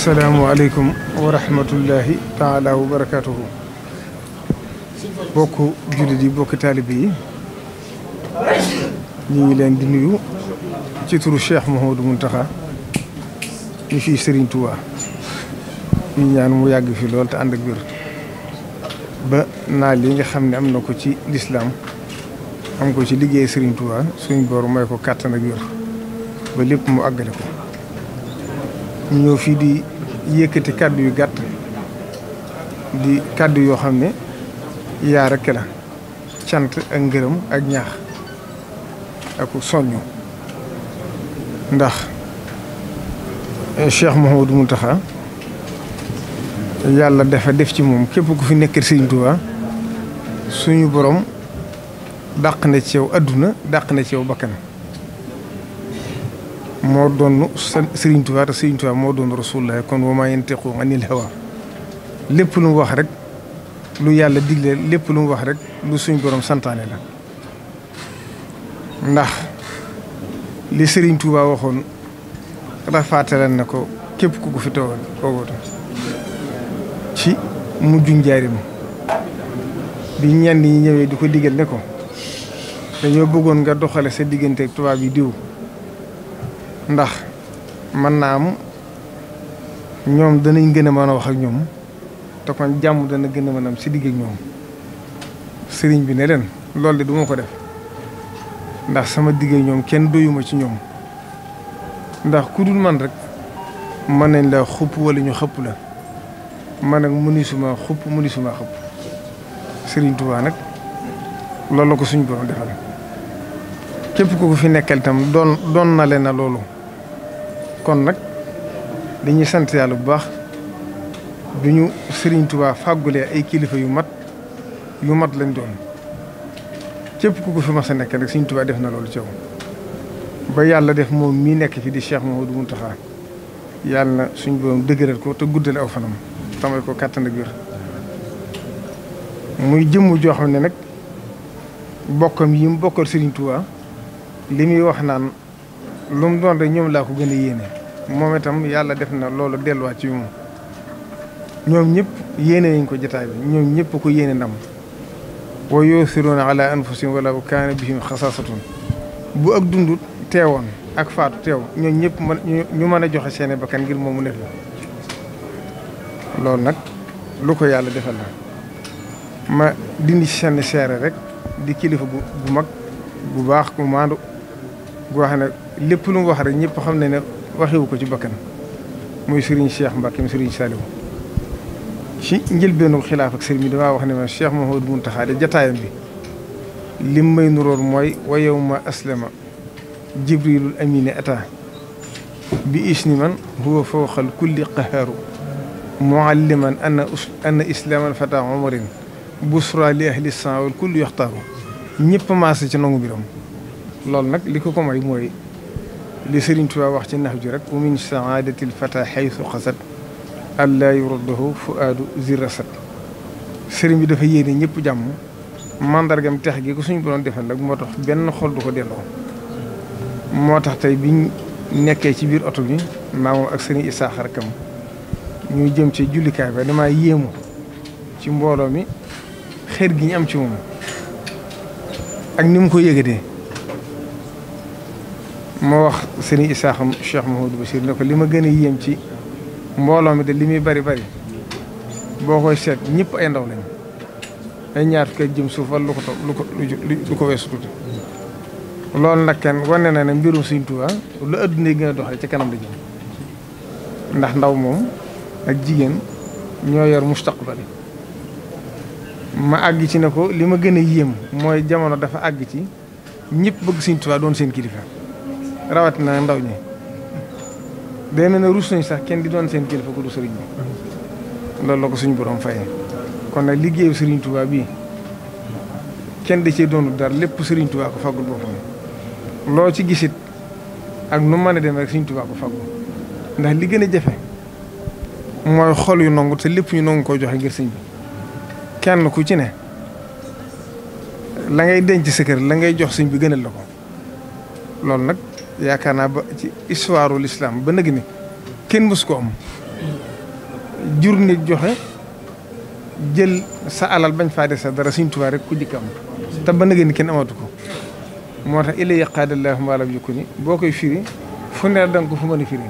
asalaamualeykum wa rahmatullahi taala wa bokk jullit yi bokk taalibe yi ñu ngi leen di nuyu ci turu Cheikh Mouhamadou taxa ñu fi Serigne Touba ñu ñaan mu yàgg fi lool te ànd ak wér ba naa li nga xam ne am na ko ci lislaam am ko ci liggéey sëriñ Touba suñ boor mooy ko kàttan ak wér ba lépp mu àggale ko ñëw fii di yëkkati kàddu yu gàtt di kàddu yoo xam ne yaar rekk la cant ak ngërëm ak ñaax ak soññ ndax Cheikh Mouhamadou taxa yàlla dafa def ci moom képp ku fi nekk Sëriñ Tuubaa suñu borom dàq na ci yow adduna dàq na ci yow bakkan moo doon Serigne Touba te Serigne moo doon Rasulullah kon wa maa yantiqu anil hawa lépp lu mu wax rek lu yàlla digle lépp lu mu wax rek lu suñ borom santaane la ndax li Serigne Touba waxoon rafaatalan na ko képp ku ko fi toogal toogoota ci mujj njaarim bi ñenn ñi ñëwee di ko digal ne ko dañoo bëggoon nga doxale sa diggante tubaab yi diw ndax mën naa am ñoom danañ gën a mën a wax ak ñoom te kon jàmm dana gën a mën am si digg ak ñoom sëriñ bi ne leen loolu de duma ko def ndax sama digg ak ñoom kenn doyuma ci ñoom ndax ku dul man rek mën nañ la xupp wala ñu xëpp la man nag mënisuma xupp mënisuma xëpp sëriñ Tuubaa nag loolu la ko suñu borom defal képp ku ko fi nekkal itam doon doon na leen na loolu kon nag dañuy sant yàlla bu baax bi ñu Sëriñ tubaa fàggulee ay kilifa yu mat yu mat lañ doon képp ku ko fi mas a nekk nag Sëriñ Tuubaa def na loolu ci yow ba yàlla def moom mii nekk fi di Cheikh Mouhamadou Mountakha yàlla na suñ borom dëgëral ko te guddale aw fanam tamal ko kàttan ak wér muy jëmm joo ne nag bokkam yi mu bokkal Sëriñ Tuubaa li muy wax naan lu mu doon rek ñoom laa ko gën a yéene moom itam yàlla def na loolu delluwaat ci moom ñoom ñëpp yéene nañ ko jotaay bi ñoom ñëpp ko yéene ndam wa yuusiruuna ala anfusihim wala bu kaana bihim xasaasatun bu ak dundut teewoon ak faatu teew ñoom ñëpp mën ñu mën a joxe seeni bakkan ngir moomu nekk la loolu nag lu ko yàlla defe la ma dindi ci seen seere rek di kilifa bu bu mag bu baax ku maandu goo xam ne lépp lu mu wax rek ñëpp xam ne ne waxiwu ko ci bakkan muy Serigne Cheikh Mbacke Serigne Saliou ci njëlbeenu xilaaf ak Serigne bi damaa wax ne ma Cheikh Mouhamadou Mountakha de jataayam bi lim may nuróor mooy wa yawma aslama jibrilul amine ata bi isni man huwa fawqal kulli qahaaru mualliman anna anna islaman fata omarin busra li ahli san wal kulli yaxtaaru ñëpp maase ci nangu biram loolu nag li ko ko may mooy li tu Touba wax ci nax ju rek wa min saadatil fata xaysu xasat allah yurdahu fuaadu zirasat sëriñ bi dafa yéene ñëpp jàmm mandargam tex gi ko suñu doon defal nag moo tax benn xol du ko delloo moo tax tey biñ nekkee ci biir oto bi maamoom ak sëriñ Isaaxa rakam ñu jëm ci jullikaay ba damaa yéemu ci mbooloo mi xër gi ñu am ci moom ak ni mu ko yëgatee moo wax sëriñ Isaaxam Cheikh Mahoudou Bachir ne ko li ma gën a yéem ci mbooloo mi de li muy bari bari boo koy seet ñëpp ay ndaw lañ ay ñaar fukki jëm suuf wala lu ko lu ko lu ko weesu tuuti nag kenn wane na ne mbirum Sëriñ Tuubaa lu adduna gën a doxee ci kanam la ndax ndaw moom ak jigéen ñoo yor mustaqbal ma àgg ci ne ko li ma gën a yéem mooy jamono dafa àgg ci ñëpp bëgg Sëriñ Tuubaa doon seen kilifa. rawatina ndaw ñi day mel ne rus nañ sax kenn di doon seen kilifa ku du sëriñ bi loolu la ko suñu borom fay kon nag liggéeyu sëriñ Touba bii kenn di cee doonul dara lépp sëriñ Touba ko faggul boppam loo ci gisit ak nu mën a dem rek sëriñ Touba ko faggul ndax li gën a jafe mooy xol yu nongu te lépp ñu nangu koo joxe ngir sëñ bi kenn ku ci ne la ngay denc sa la ngay jox sëñ bi gënal la ko loolu nag yaakaar naa ba ci histoire wu l'islam ba nag kenn mës am jur nit joxe jël sa alal bañ faa sa dara Sëriñ Tuubaa rek ku jëkk am te ba nag ni kenn amatu ko moo tax illa yaqaadallaahu maalam yukku ni boo koy firi fu ne danga ko fu mën a firi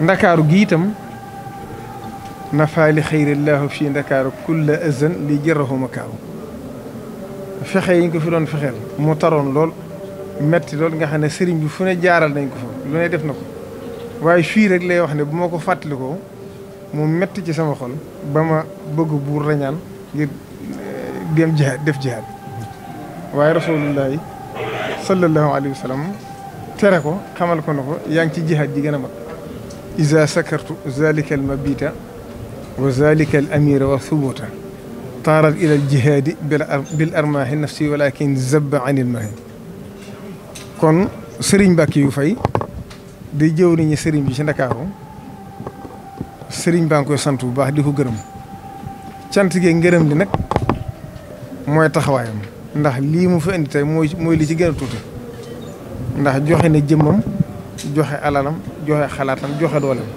ndakaaru gi itam li xayrillaahu fii ndakaaru kulla azan li jërahuma kaaw fexe yi ñu ko fi doon fexeel mu taroon lool metti loolu nga xam ne sëriñ bi fu ne jaaral nañ ko fa lu ne def na ko waaye fii rek lay wax ne bu ma ko fàttalikoo mu metti ci sama xol ba ma bëgg buur rañaan ngir eh, dem def jihaad waaye rasulullahi sallallahu alayhi wa tere ko xamal ko na ko yaa ngi ci jihaad ji gën a mag isa sakartu zalika al mabita wa zalika al amira wa thubuta taarat ila al jihaadi bil armaahi nafsi walakin zabba an il kon sëriñ Mbàkke yu fay day jëwriñu sëriñ bi ci ndakaaru sëriñ baa ngi koy sant bu baax di ko gërëm cant gee ngërëm li nag mooy taxawaayam ndax lii mu fi indi tey mooy mooy li ci gën a tuuti ndax joxe na jëmmam joxe alalam joxe xalaatam joxe dooleem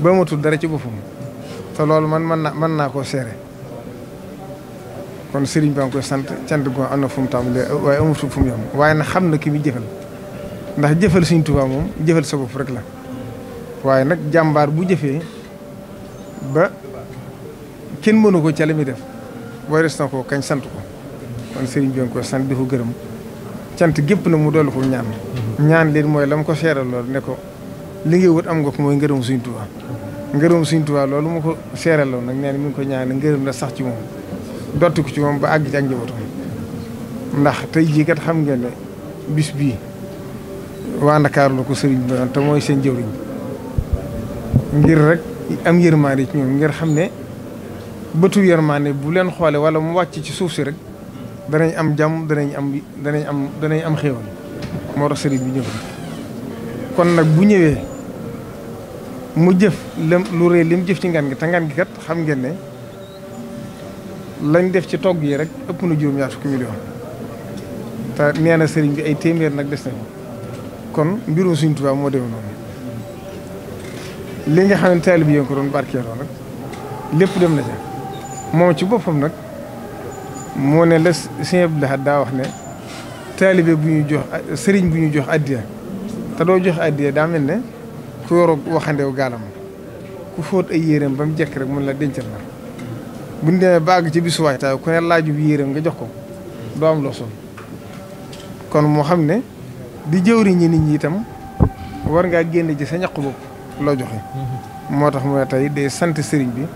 ba matul dara ci boppam te loolu man mën naa mën naa koo seere kon Serigne Ba nga sant cant goo am na fu mu tàmbalee waaye amul fu mu yem waaye nag xam na ki muy jëfal ndax jëfal Serigne Touba moom jëfal sa bopp rek la waaye nag jàmbaar bu jëfee ba kenn mënu ko ca li muy def warees na kañ sant ko kon Serigne Ba sant di ko gërëm cant gépp na mu dolli ko ñaan. ñaan leen mooy la mu ko seeral lool ne ko li ngay am nga ko mooy ngërëm Serigne Touba ngërëm Serigne Touba loolu mu ko seeraloon nag nee na mi ngi ko ñaan ngërëm la sax ci moom. dotti ko ci moom ba àgg ci ak njabootam ndax tey jii kat xam ngeen ne bis bii waa Ndakaaru la ko sëriñ bi doon te mooy seen jëwriñ ngir rek am yërmaande ci ñoom ngir xam ne bëtu yërmaande bu leen xoole wala mu wàcc ci suuf si rek danañ am jàmm danañ am danañ am danañ am xéewal moo tax sëriñ bi ñëw kon nag bu ñëwee mu jëf lu rëy li mu jëf ci ngan gi te ngan gi kat xam ngeen ne lañ def ci togg yi rek ëpp na juróom-ñaar fukki million te nee na sëriñ bi ay téeméer nag des nañu kon mbirum suñ tubaab moo demee noonu li nga xam ne taalib ko doon barkeeloo nag lépp dem na ca ci boppam nag moo ne la sëñ Abdou daa wax ne taalibe bu ñuy jox sëriñ bu ñuy jox addiya te doo jox addiya daa mel ne ku yoroo waxandew gaalam ku fóot ay yéreem ba mu jekk rek mun la dencal la bu ñu demee ba àgg ci bisu taa ku ne bi yéeram nga jox ko doo am loo sol kon moo xam ne di jëwriñi nit ñi itam war ngaa génn ci sa ñaq bopp loo joxe. Mm-hmm. moo tax mu ne tey day sant sëriñ bi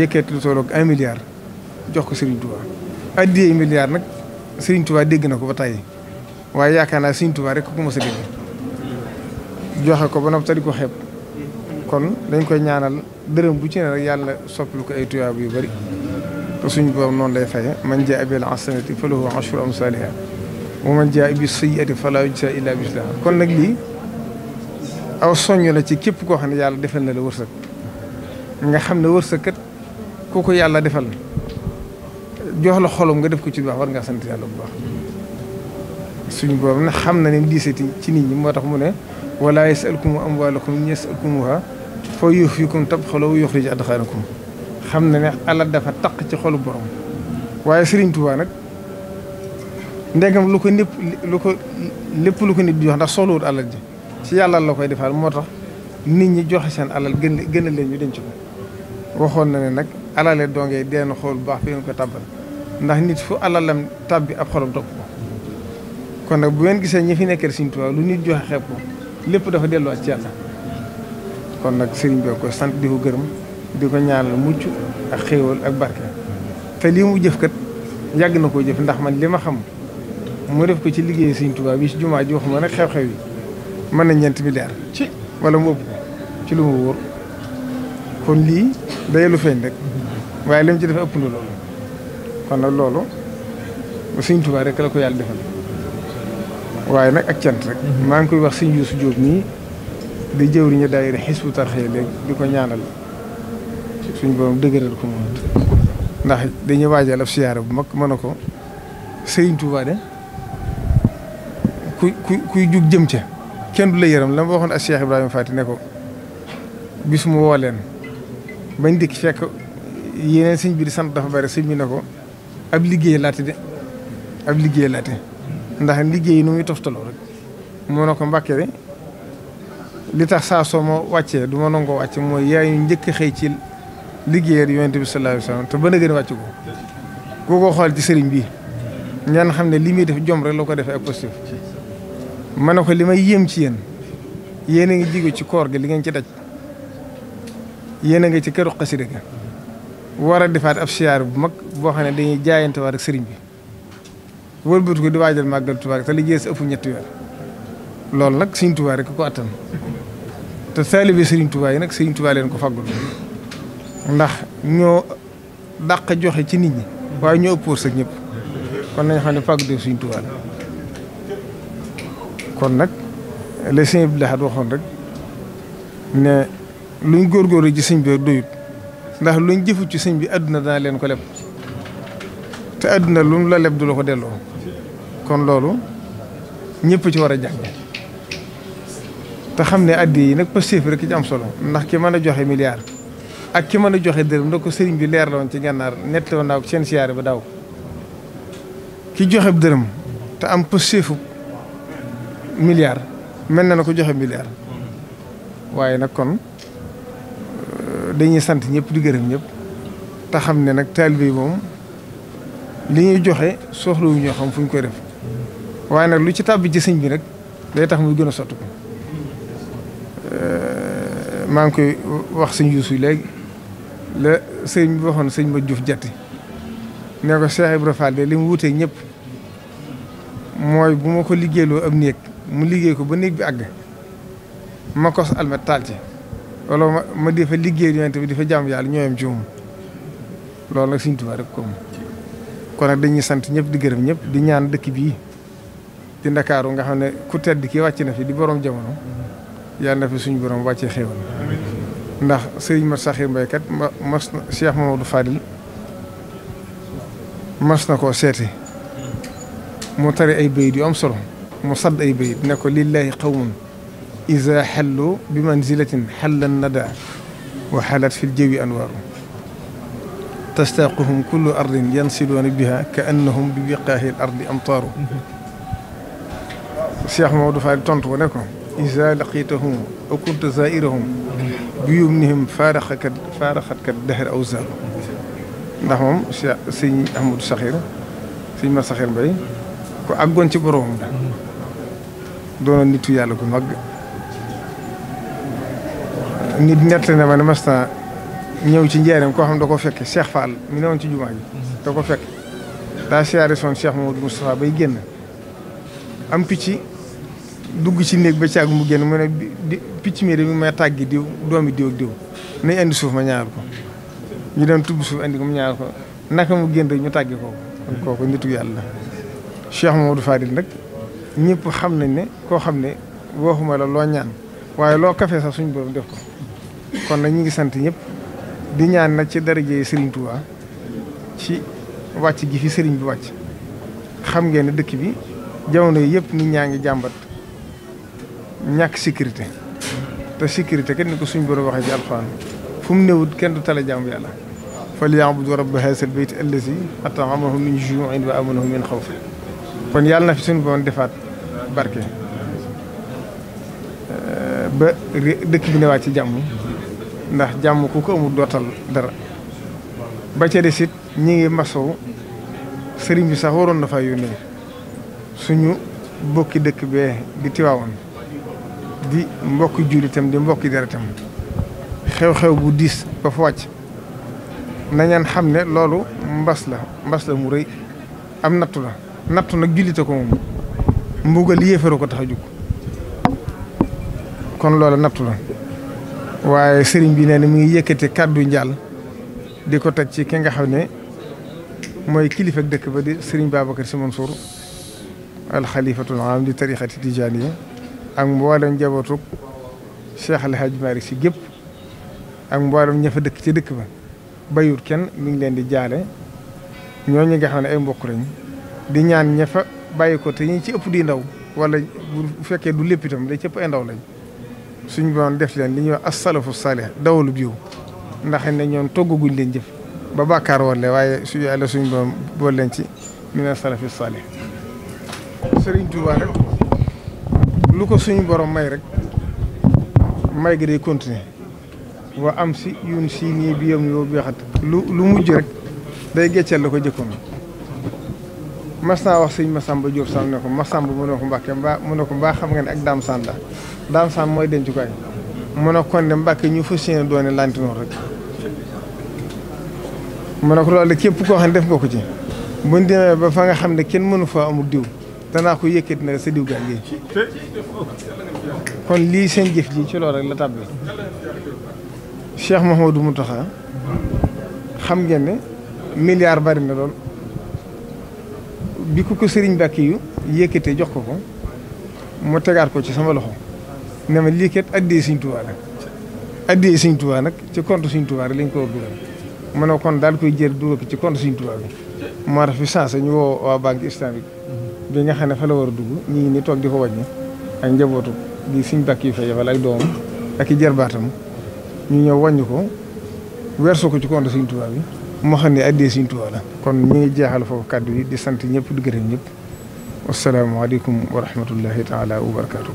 yëkkati lu toll milliard jox ko sëriñ Touba. addiyee milliard nag sëriñ Touba dégg na ko ba tey waaye yaakaar naa sëriñ Touba rek ku ko mos a dégg mm-hmm. joxe ko ba noppi di ko xeeb. kon dañ koy ñaanal dërëm bu ci ne rek yàlla soppilu ko ay tuyaab yu bari te suñ borom noonu lay faye man jaa bil hasanati falahu ashru amsaliha wa man jaa bi sayyiati fala kon nag lii aw soññ la ci képp koo xam ne yàlla defal na la wërsëg nga xam ne wërsëg kat ku yàlla defal jox la xolom nga def ko ci baax war nga sant yàlla bu baax suñ borom nag xam na ne diisati ci nit ñi moo tax mu ne wala yasalkum amwalakum yasalkumuha foo yuhfikum tabxalu yukhrij adxaanakum xam na ne alal dafa taq ci xolu borom waaye Serigne Touba nag ndegam lu ko népp lu ko lépp lu ko nit di jox ndax soxlawut alal ji ci yàlla la koy defal moo tax nit ñi joxe seen alal gën gën a waxoon na ne nag alale dongee deen xool bu baax bi ngeen ko tàbbal ndax nit fu alalam ab xolam topp kon nag bu ngeen gisee ñi fi nekkee Serigne lu nit joxe xeeb lépp dafa delluwaat ci yàlla kon nag sëriñ bi ko sant di ko gërëm di ko ñaanal mucc ak xéewal ak barke te lii mu jëf kat yàgg na koo jëf ndax man li ma xam mu def ko ci liggéey siñ Tuubaa bi ci jumaa ji waxuma nag xew-xew yi mën na ñeent milliard ci wala mu ëpp ci lu mu wóor kon lii day lu feeñ rek waaye li ci def ëpp na loolu kon nag loolu sëriñ Tuubaa rek la ko yàlla defal waaye nag ak cant rek mhm. maa ngi koy wax sëriñ Yuusu Jóob nii di jëwriñu daayira Hizbut Tarqiyyah léegi di ko ñaanal suñ borom dëgëral ko moom ndax dañuy waajal ab siyaara bu mag mën a ko Sëriñ Tuubaa de ku ku kuy jug jëm ca kenn du la yërëm la ma waxoon ak Cheikh Ibrahima Fati ne ko bis mu woo leen bañ dikk fekk yeneen sëñ bi di sant dafa bari sëñ bi ne ko ab liggéey laati de ab liggéey laati ndax liggéey nu muy toftaloo rek moo ne ko mbàkke de li tax saa soo ma wàccee du ma nangoo wàcc mooy yaay ñu njëkk xëy ci liggéeyal yonent bi sallallahu alayhi wasallam te ba gën a wàcc ko koo ko xool ci sëriñ bi ñaan xam ne li muy def jom rek la ko defee ak positif ma ne ko li may yéem ci yéen yéen a ngi jigo ci koor gi li ngeen ci daj yéen a ngi ci këru xasida war a defaat ab siyaar bu mag boo xam ne dañuy jaayante war sëriñ bi wëlbatu ko di waajal màggal Tuubaa te li jees ëpp ñetti loolu nag Sëriñ Tuubaa rek ko attan te taalibe Serigne Touba yi nag Serigne Touba leen ko faggul ndax ñoo dàq joxe ci nit ñi waaye ñoo ëpp wërsëg ñëpp kon nañ xam ne fàggu def Serigne kon nag la Sëñ Abdou Lahad waxoon rek ne luñ góorgóorlu ci sëñ bi doyut ndax luñ jëfu ci sëñ bi àdduna dana leen ko leb te àdduna lu mu la leb du la ko delloo kon loolu ñëpp ci war a jàng te xam ne addi yi nag positif rek ci am solo ndax ki man a joxe milliard ak ki mën a joxe dërëm na ko sëriñ bi leer la woon ci gànnaar nett woon naa ko seen siyaare ba daaw ki joxe dërëm te am positif milliard mel na na ko joxe milliard waaye nag kon euh, dañuy sant ñëpp di gërëm ñépp te xam ne nag taalibe yi moom li ñuy joxe soxlawu ñoo xam fu ñu koy def waaye nag lu ci tàbbi ci sëñ bi nag day tax muy gën a sotti ko Euh, maa ngi koy wax sëñ Yuusu léegi la sëñ bi waxoon sëñ ma juf jatti ne ko Cheikh Ibra Fall de li mu wuteeg ñëpp mooy bu ma ko liggéeyloo am néeg mu liggéey ko ba néeg bi àgg ma kos almet taal ci wala ma ma di liggéey yonent bi di fa jàmm yàlla ñooyam ci moom loolu nag sëñ Tuubaa rek ko kon nag dañuy sant ñëpp di gërëm ñëpp di ñaan dëkk bii di ndakaaru nga xam ne ku tedd kii wàcc na fi di borom jamono yàlla na fi suñu borom wàccee xéewal ndax Serigne Mat Saxir Mbaye kat ma mas na Cheikh Mamadou Fadil mas na koo seeti mu tari ay bayit yu am solo mu sadd ay bayit ne ko lillahi qawmun iza xallu bi manzilatin xallan nada wa xalat fi ljawi anwaaru tastaaquhum kullu ardin yansiluuna biha ka annahum bi biqaahi l ardi amtaaru mm-hmm. Cheikh Mamadou Fadil tontu ko ne ko isa laqitahum aw kunta zairahum bi yumnihim faaraxakat faaraxatkat dahr aw zaru ndax moom Cheikh sëñ Ahmadou Saxir sëñ ma Saxir Mbay ku àggoon ci boroom la doonoon nitu yàlla ku mag nit nett na ma ne mas naa ci njaareem koo xam ne da ko fekke Cheikh Fall mi newoon ci jumaa ji ko fekk daa siyaare soon Cheikh Mamadou Moustapha bay génn am picc dugg ci néeg ba caag mu génn mu ne di picc mi bi may tàggi diw doomi diw ak diw nañ indi suuf ma ñaar ko ñu doon tubb suuf indi ko mu ñaar ko naka mu génn rek ñu tàggi ko kon kooku nitu yàlla Cheikh Mamadou Fadil nag ñëpp xam nañ ne koo xam ne waxuma la loo ñaan waaye loo kafe sax suñ borom def ko kon nag ñu ngi sant ñëpp di ñaan nag ci darajee Serigne Touba ci wàcc gi fi Serigne bi wàcc xam ngeen ne dëkk bi jamono yi yëpp nit ñaa ngi jàmbat ñàkk sécurité te sécurité kenn ni ko suñ borom waxee ci alxuraan fu mu néewut kenn du tale jaamu yàlla falyabudu rabba haazal bayt allazi at'amahum min juu'in wa amanahum min xawf kon yàlla fi suñu borom defaat barke ba dëkk bi newaat ci jàmm ndax jàmm ku ko amul dootal dara ba ca des it ñi ngi masow sëriñ bi sax waroon na fa yónnee suñu bokki dëkk bee di tiwaawoon di mbokki jullitam di mbokki deretam xew-xew bu diis ba fa wàcc nañeen xam ne loolu mbas la mbas la mu rëy am nattu la nattu nag jullite ko moom mbugal yéefaru ko tax a jug kon loolu nattu la waaye sëriñ bi nee na mu ngi yëkkati kàddu njàll di ko teg ci ki nga xam ne mooy kilifa dëkk ba di sëriñ Babacar Sy Mansour al xalifatul am di tarixati tijaaniya ak mboolem njabootug Cheikh El Hadj si gépp ak mboolem ña fa dëkk ci dëkk ba bayut kenn mi ngi leen di jaale ñooñu nga xam ne ay mbokk lañ di ñaan ña fa bàyyi ko te ñi ci ëpp di ndaw wala bu fekkee du lépp itam day ci ëpp ay ndaw lañ suñ boon def leen li ñuy wax asalafu salih dawalu biw ndax ne ñoom toggaguñ leen jëf ba bàkkaar wala waaye su yàlla suñ boon bool leen ci mina salafi salih lu ko suñu borom may rek may gi day continuer wa am si yun si nii bi yam yow beexat lu lu mujj rek day gecceel la ko jëkkoon mas naa wax sëñ Massamba Diop Samb ne ko Massamba mu ne ko Mbàkke mbaa mu ne ko mbaa xam nga ne ak Dame Sanda Dame mooy denc ko ay mu ne kon ñu fas yéene doone lantinoor rek mu ne ko loolu képp koo xam ne def nga ko ci buñ demee ba fa nga xam ne kenn mënu faa amul diw danaa ko yëkkati nag sa diw gaal gi kon lii seen jëf ji ci loolu rek la tàbbi Cheikh Mouhamadou Mountakha xam ngeen ne milliard bari na lool bi ku ko sëriñ bàkki yu yëkkatee jox ko ko mu tegaat ko ci sama loxo ne ma lii kat addee Sëriñ Tuubaa nag addee Sëriñ Tuubaa nag ci compte Sëriñ Tuubaa rek lañ ko war dugal ne kon daal koy jël dugal ko ci compte Sëriñ Tuubaa bi moo tax fi chance ñu woo waa banque islamique bi nga xam ne fa war a dugg ñu ngi ni toog di ko wàññi ak njabootu gi suñ bàkk yi fa yebal ak doomam ak i jarbaatam ñu ñëw wàññi ko weersoo ko ci compte suñ Tuubaa bi moo xam ne addee suñ Tuubaa la kon ñu ngi jeexal foofu kàddu yi di sant ñëpp di gërëm ñëpp wasalaamaaleykum wa rahmatullahi taala wa barakaatu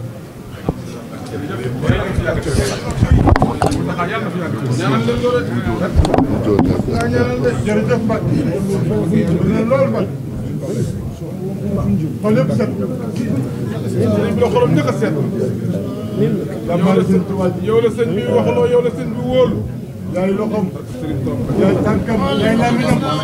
xool yëpp set la xorom njëkk a set yow la sëñ bi waxloo yow la sëñ bi wóolu yaay loxom yaay tànkam yaay làmmiñam